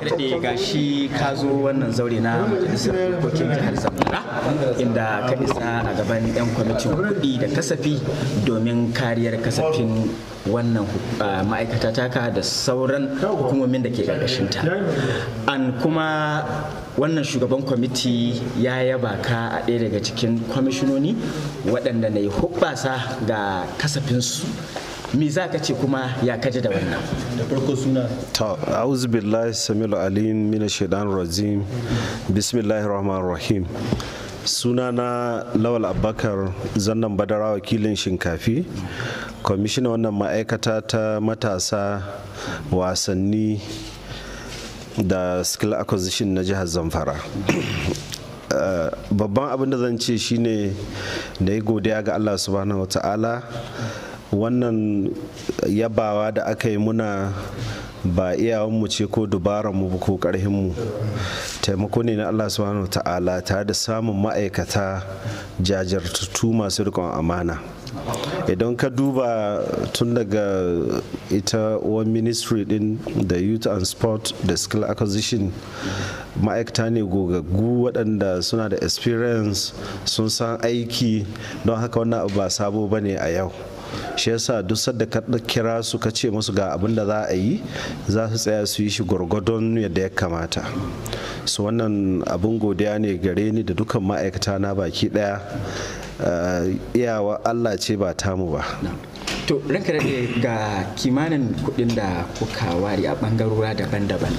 Daɗe ga shi ka zo wannan zaure na majalisar dokokin jihar Zamfara inda ka isa a gaban 'yan kwamitin kuɗi da kasafi domin kariyar kasafin wannan ah, ma'aikata taka da sauran hukumomin da ke ƙarƙashinta. An kuma wannan shugaban kwamiti ya yaba ka a ɗaya daga cikin kwamishinoni waɗanda na yi hubbasa ga kasafinsu me za ka ce kuma ya kaji da wannan da farko suna ta auzu billahi samilu alim mina shaidan rajim bismillahi rahman rahim suna na lawal Abakar, zannan badara wakilin shinkafi kwamishina wannan ma'aikata ta matasa wasanni da skill acquisition na jihar zamfara babban abin da zan ce shine da ya godiya ga Allah subhanahu ta'ala wannan yabawa da aka yi muna ba iyawanmu ce ko mu ko karhinmu taimako ne na allah subhanahu ta'ala tare da samun ma'aikata jajirtattu masu rikon amana idan ka duba tun daga ita uwan ministry din da youth and sport da skill acquisition ma'aikata ne gogaggu waɗanda suna da experience sun san aiki don haka wannan abu ba sabo ba ne a yau shi yasa duk sadda ka kira su ka ce musu ga abin da za a yi za su tsaya su yi shi gwargwadon yadda ya kamata su wannan abin godiya ne gare ni da dukkan ma'aikata na baki daya eh, iyawa allah ce ba tamu ba to ranka daɗe ga kimanin kuɗin da kuka ware a ɓangarora daban-daban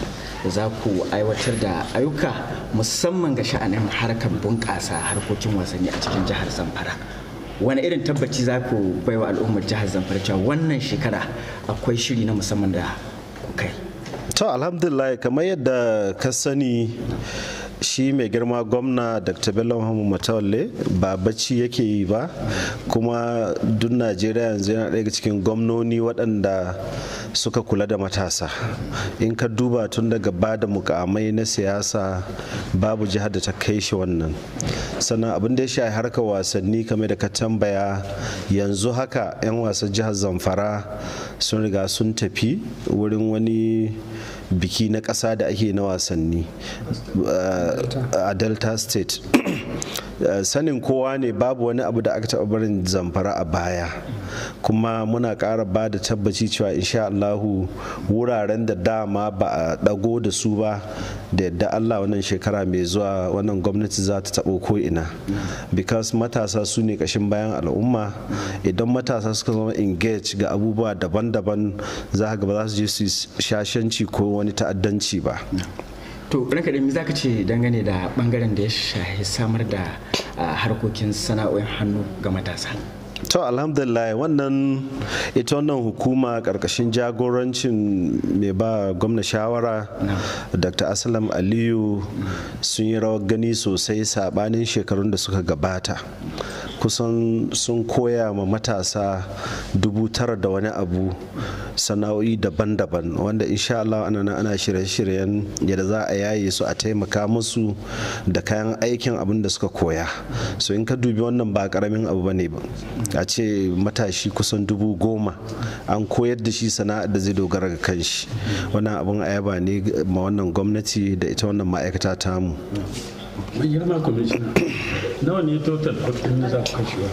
za ku aiwatar da ayyuka musamman ga sha'anin harkar bunƙasa harkokin wasanni a cikin jihar zamfara wani irin tabbaci za ku baiwa al'ummar jihar zamfara cewa wannan shekara akwai shiri na musamman da kai to alhamdulillah kamar yadda ka sani shi mai girma gwamna dr bello muhammad matawalle ba bacci yake yi ba kuma duk najeriya yanzu yana daga cikin gwamnoni waɗanda suka kula da matasa in ka duba tun daga ba da mukamai na siyasa babu jihar da ta kai shi wannan sannan abin da ya shafi harkar wasanni kamar da ka tambaya yanzu haka 'yan wasan jihar zamfara sun riga sun tafi wurin wani biki na ƙasa da ake na wasanni eh, a delta state sanin kowa ne babu wani abu da aka taɓa barin zamfara a baya kuma muna kara ba da tabbaci cewa insha Allahu wuraren da dama ba a ɗago da su ba da yadda Allah wannan shekara mai zuwa wannan gwamnati za ta ko ina because matasa su ne ƙashin bayan al'umma idan matasa suka zama engage ga abubuwa daban-daban za ga ba za su je su shashanci ko wani ta'addanci ba to ranka da za ka ce dangane da bangaren da ya shahi samar da harkokin sana'o'in hannu ga matasa to alhamdulillah wannan ita wannan hukuma karkashin jagorancin mai ba gwamna shawara dr aslam aliyu sun yi rawar gani sosai sabanin shekarun da suka gabata kusan sun koya ma matasa dubu tara da wani abu sana'o'i daban-daban wanda insha Allah ana ana shirye-shiryen yadda za a yaye su a taimaka musu da kayan aikin abin da suka koya so in ka dubi wannan ba karamin abu bane ba a ce matashi kusan dubu goma an koyar da shi sana'a da zai dogara ga kanshi wannan abin ayaba ne ma wannan gwamnati da ita wannan ma'aikata tamu mai girma kwamishina nawa ne total kudin da za ku kashewa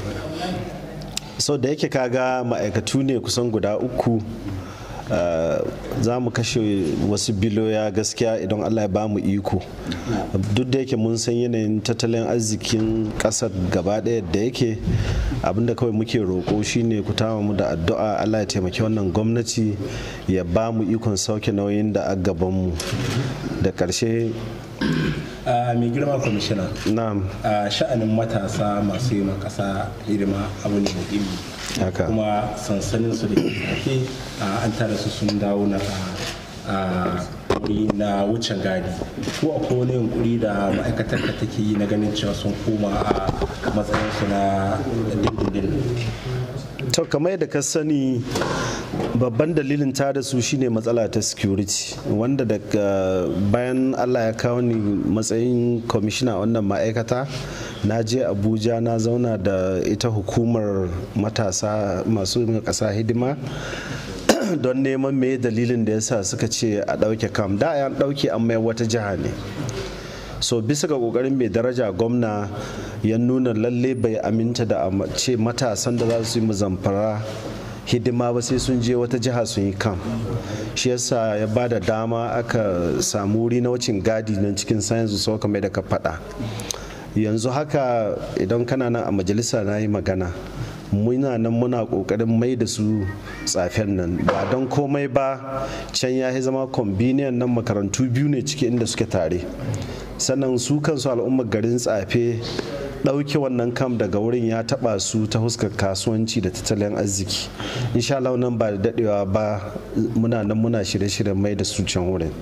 so da yake kaga ma'aikatu ne kusan guda uku eh, za mu kashe wasu biloya gaskiya idan allah ya bamu iko duk da yake mun san yanayin tattalin arzikin kasar gaba ɗaya da yake abinda kawai muke roƙo shine ku tama mu da addu'a allah ya taimaki wannan gwamnati ya bamu ikon sauke nauyin da a gabanmu da ƙarshe mai girma kwamishina a sha'anin matasa masu yi kasa hidima abu ne muhimmi kuma sansanin su da ke an tara su sun dawo na na wucin gadi ko a kone yunkuri da ma'aikatar ka take yi na ganin cewa sun koma a matsayinsu na dindindin to kamar da ka sani babban dalilin ta da su shine matsala ta security wanda daga bayan allah ya kawo ni matsayin kwamishina wannan ma'aikata na je abuja na zauna da ita hukumar matasa masu ƙasa hidima don neman me dalilin da yasa suka ce a ɗauke kam da ya ɗauke amma wata jiha ne so bisa ga kokarin mai daraja gwamna ya nuna lalle bai aminta da a ce matasan da za su yi zamfara hidima ba sai sun je wata jiha sun yi kam shi yasa ya ba da dama aka samu wuri na wucin gadi nan cikin science sau kamar da ka faɗa yanzu haka idan kana nan a majalisa na yi magana muna nan muna kokarin mai da su tsafen nan ba don komai ba can ya yi zama kombiniyan nan makarantu biyu ne ciki inda suke tare sannan su kansu al'ummar garin tsafe ɗauke wannan kam daga wurin ya taɓa su ta huskar kasuwanci da tattalin arziki insha Allah nan ba da daɗewa ba muna nan muna shirye-shiryen mai da su can wurin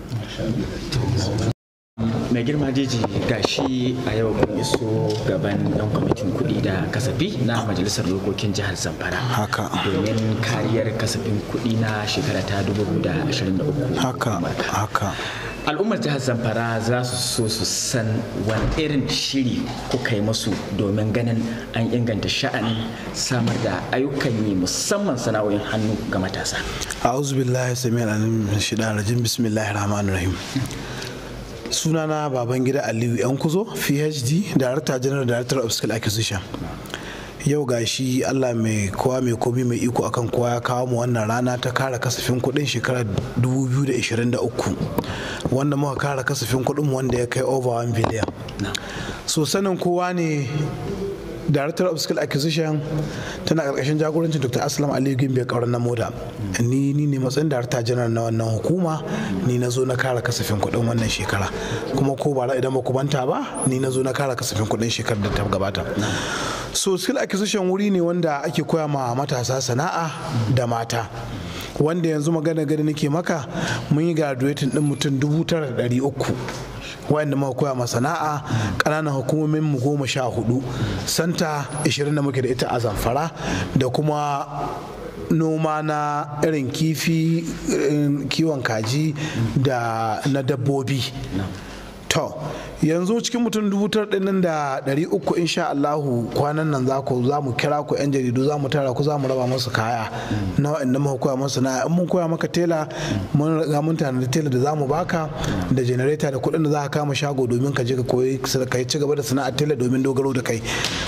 mai girma jeji shi a yau kun iso gaban dan kwamitin kuɗi da kasafi na majalisar dokokin jihar zamfara haka domin kariyar kasafin kuɗi na shekara ta 2023 haka haka al'ummar jihar zamfara za su so su san wani irin shiri kuka yi musu domin ganin an inganta sha'anin samar da ayyukan yi musamman sana'o'in hannu ga matasa a'udhu billahi samiyar alim shidan rajin bismillahir rahmanir rahim sunana baban gida aliyu yan kuzo phd director general director of skill acquisition yau ga shi allah mai kowa mai komi mai iko akan kowa ya kawo mu wannan rana ta kara kasafin kudin shekarar 2023 wanda muka kara kasafin kudin wanda ya kai over 1 billion so sanin kowa ne director of skill acquisition tana karkashin jagorancin dr aslam Ali gimbe kauran na moda ni ni ne matsayin director general na wannan hukuma ni na zo na kara kasafin kudin wannan shekara kuma ko ba idan ba ku banta ba ni na zo na kara kasafin kudin shekarar da ta gabata so skill acquisition wuri ne wanda ake koya ma matasa sana'a da mata wanda yanzu magana gari nake maka mun yi graduating din mutum dubu tara da ɗari uku wa'anda muka koya ma sana'a ƙananan hukumomin mu goma sha hudu santa 20 da muke da ita a zamfara da kuma noma na irin kifi kiwon kaji da na dabbobi to yanzu cikin mutum dubu ɗin da ɗari uku insha Allahu kwanan nan za ku za mu kira ku yan jaridu za mu tara ku za mu raba musu kaya na wa'anda muka koya musu na in mun koya maka tela mun ga mun da tela da za mu baka da generator da kuɗin da za ka kama shago domin ka je ka koyi ka ci gaba da sana'ar tela domin dogaro da kai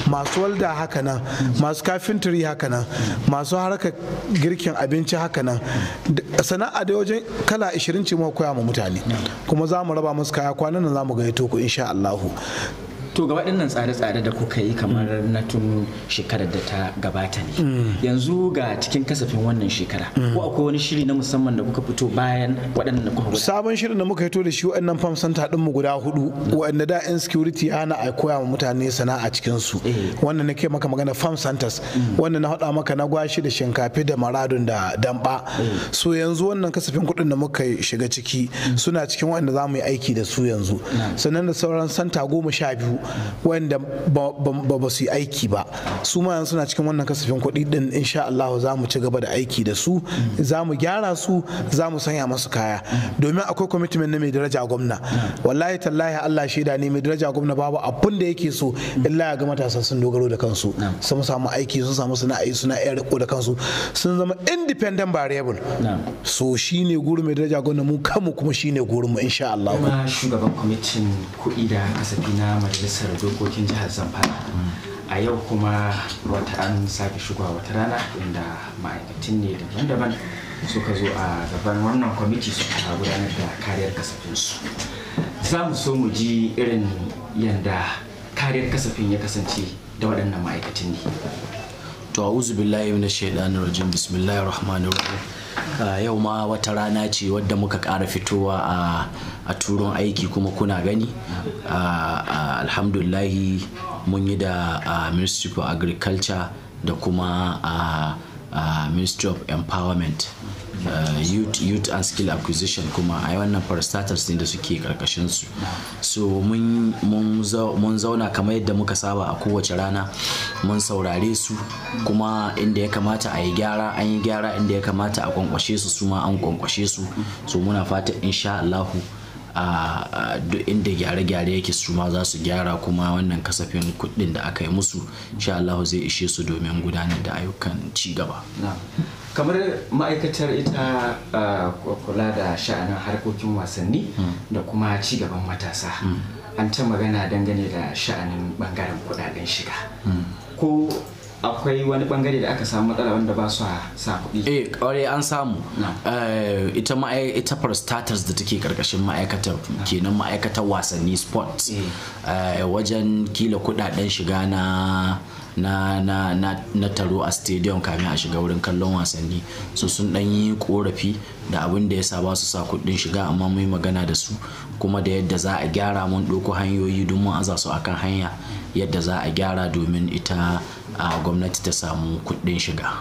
masu walda haka nan masu kafintiri haka nan masu harkar girkin abinci haka nan sana'a da wajen kala 20 ce muka koya ma mutane kuma za mu raba musu kaya kwanan nan za mu gaito ku insha Allahu to ga waɗannan tsare-tsare da kuka yi kamar na tun shekarar da ta gabata ne mm. yanzu ga cikin kasafin wannan shekara ko mm. akwai wani shiri na musamman da kuka fito bayan waɗannan da kuka sabon shirin da muka fito da shi waɗannan farm center din mu guda hudu waɗanda da in security ana a koya ma mutane sana'a cikin su eh. wannan nake maka magana farm centers mm. wannan na haɗa maka na gwashi da shinkafi da maradun da damba eh. so yanzu wannan kasafin kuɗin da muka shiga ciki suna cikin waɗanda za mu yi aiki da su yanzu sannan da sauran santa goma sha biyu wanda ba su yi aiki ba su ma suna cikin wannan kasafin kuɗi din insha Allah za mu ci gaba da aiki da su za mu gyara su za mu sanya masu kaya domin akwai commitment na mai daraja gwamna wallahi tallahi Allah shaida ne mai daraja gwamna babu abin da yake so illa ya ga matasa sun dogaro da kansu sun samu aiki sun samu sana'ai suna iya riko da kansu sun zama independent variable so shine gurin mai daraja gwamna mu kanmu kuma shine gurin mu insha Allah kuma shugaban kwamitin kuɗi da kasafi na majalisar majalisar dokokin jihar zamfara a yau kuma wata an sake shigowa wata rana inda ma'aikatan ne daban-daban suka zo a gaban wannan kwamiti suka gudanar da kariyar kasafinsu za mu so mu ji irin yadda kariyar kasafin ya kasance da waɗannan ma'aikatan ne to a'udhu billahi minash shaidanin rajin bismillahir rahmanir rahim Ah, yau ma wata rana ce wadda muka ƙara fitowa a turon aiki kuma kuna gani ah, ah, alhamdulahi mun yi da ministry for agriculture da kuma ministry of empowerment uh, youth youth and skill acquisition kuma a wannan for starters ne da suke karkashin su so mun zauna kamar yadda muka saba a kowace rana mun saurare su kuma inda ya kamata a yi gyara an yi gyara inda ya kamata a kwankwashe su su ma an kwankwashe su so muna fata insha Allahu a duk inda gyare-gyare yake su ma za su gyara kuma wannan kasafin kuɗin da aka yi musu sha Allah zai ishe su domin gudanar da ayyukan ci gaba. kamar ma'aikatar ita kula da sha'anin harkokin wasanni hmm. da kuma ci gaban matasa hmm. an ta magana dangane da sha'anin bangaren kudaden shiga hmm. ko akwai wani bangare da aka samu matsala wanda ba su sa kuɗi eh kwarai an samu eh, ita ma'aikata ita da take karkashin ma'aikatar kenan ma'aikatar wasanni sports eh. Eh, wajen kila kuɗaɗen shiga na na na na na taro a stadium kamin a shiga wurin kallon wasanni su sun dan yi korafi da abin da ya sa ba su sa kuɗin shiga amma mun magana da su kuma da yadda za a gyara mun ɗauko hanyoyi don mun aza su akan hanya yadda za a gyara domin ita a gwamnati ta samu kuɗin shiga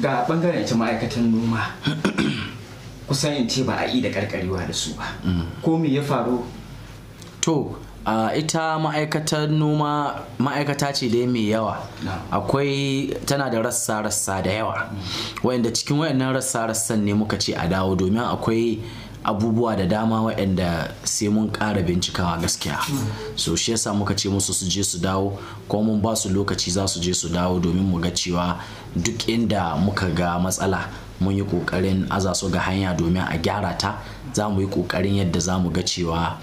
ga bangaren ita ma'aikatan noma kusan in ce ba a yi da karkarewa da su ba mm. ko me ya faru to ita ma'aikatar noma ma'aikata ce dai mai yawa akwai tana da rassa-rassa da yawa mm. wanda cikin wayannan rassa-rassan ne muka ce a dawo domin akwai abubuwa da dama waɗanda sai mun ƙara bincikawa gaskiya so shi yasa muka ce musu su je su dawo ko mun ba su lokaci za su je su dawo domin mu ga cewa duk inda muka ga matsala mun yi ƙoƙarin aza su ga hanya domin a gyara ta za mu yi ƙoƙarin yadda za mu ga cewa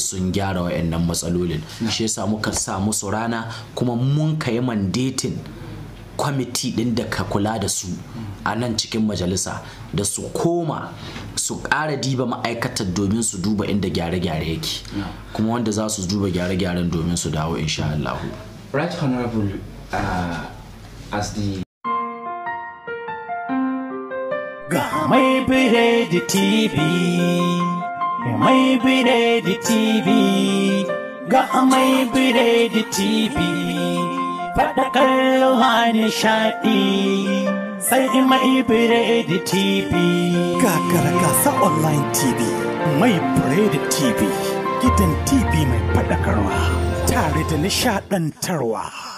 sun gyara waɗannan matsalolin shi yasa muka sa musu rana kuma mun kai mandetin kwamiti ɗin da ka kula da su a nan cikin majalisa da su koma su ƙara diba ma'aikatar domin su duba inda gyare-gyare yake kuma wanda za su duba gyare-gyaren domin su dawo insha Allah. Right Honorable uh, as the Ga mai biredi TV mai biredi TV ga mai biredi TV faɗakar ruwa nishaɗi sai mai biredi TV. Gagara gasa online TV, mai da TV, gidan TV mai faɗakarwa, tare da nishaɗantarwa.